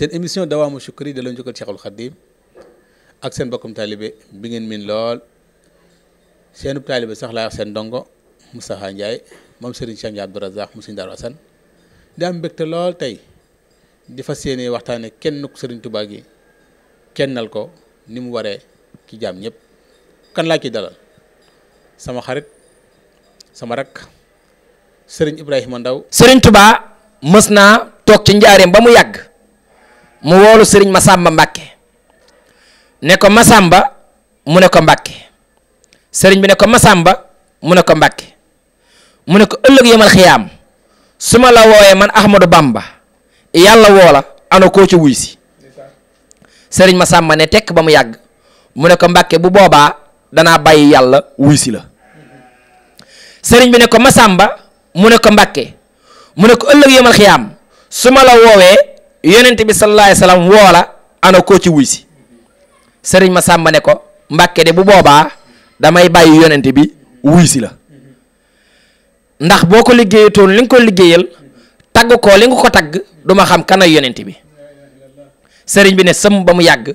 seen émission dawaamu sukkari da la njukkal Cheikhul Khadim ak seen bokkum taalibe bi ngeen miin lool seenub taalibe sax laa seen ndongo Moustapha Ndiaye moom Serigne Cheikh Ndiaye Abdou Razak mu Serigne Darou Assane di am mbégte lool tey di fas yéene waxtaane kenn ku Serigne Touba gi kennal ko ni mu waree ci jaam ñépp kan laa ciy dalal sama xarit sama rakk sëriñ Ibrahima Ndaw Serigne Touba mës naa toog ci njaareem ba mu yàgg mu woolu sëriñ Massamba Mbacke ne ko Massamba mu ne ko Mbacke Serigne bi ne ko Massamba mu ne ko Mbacke mu ne ko ëllëg yemal xiyaam su ma la wooyee man Ahmadou Bamba yàlla woo la koo ci wuy si sëriñ ma sàmma ne tekk ba mu yàgg mu ne ko mbàkke bu boobaa danaa bàyyi yàlla wuy si la sëriñ bi ne ko ma sàmba mu ne ko mbàkke mu ne ko ëllëg yëmal am su ma la woowee yonent bi sallallahu alayhi wasallam woo la ana koo ci wuy si sëriñ ma sàmba ne ko mbàkke de bu boobaa damay bàyyi yonent bi wuy la ndax boo ko liggéeyatoon li nga ko liggéeyal tagg koo li nga ko tagg duma xam kan ay yonent bi sëriñ bi ne sëmm ba mu yàgg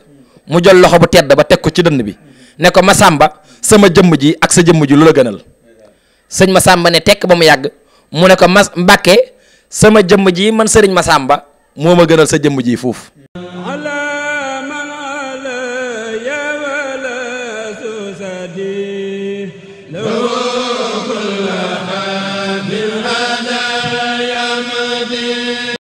mu jël loxo bu tedd ba teg ko ci dënn bi ne ko Masamba sama jëmm ji ak sa jëmm ji lu la gënal sëñ Masamba ne tekk ba mu yàgg mu ne ko mas Mbàkke sama jëmm ji man sëriñ Masamba moo ma gënal sa jëmm ji foofu.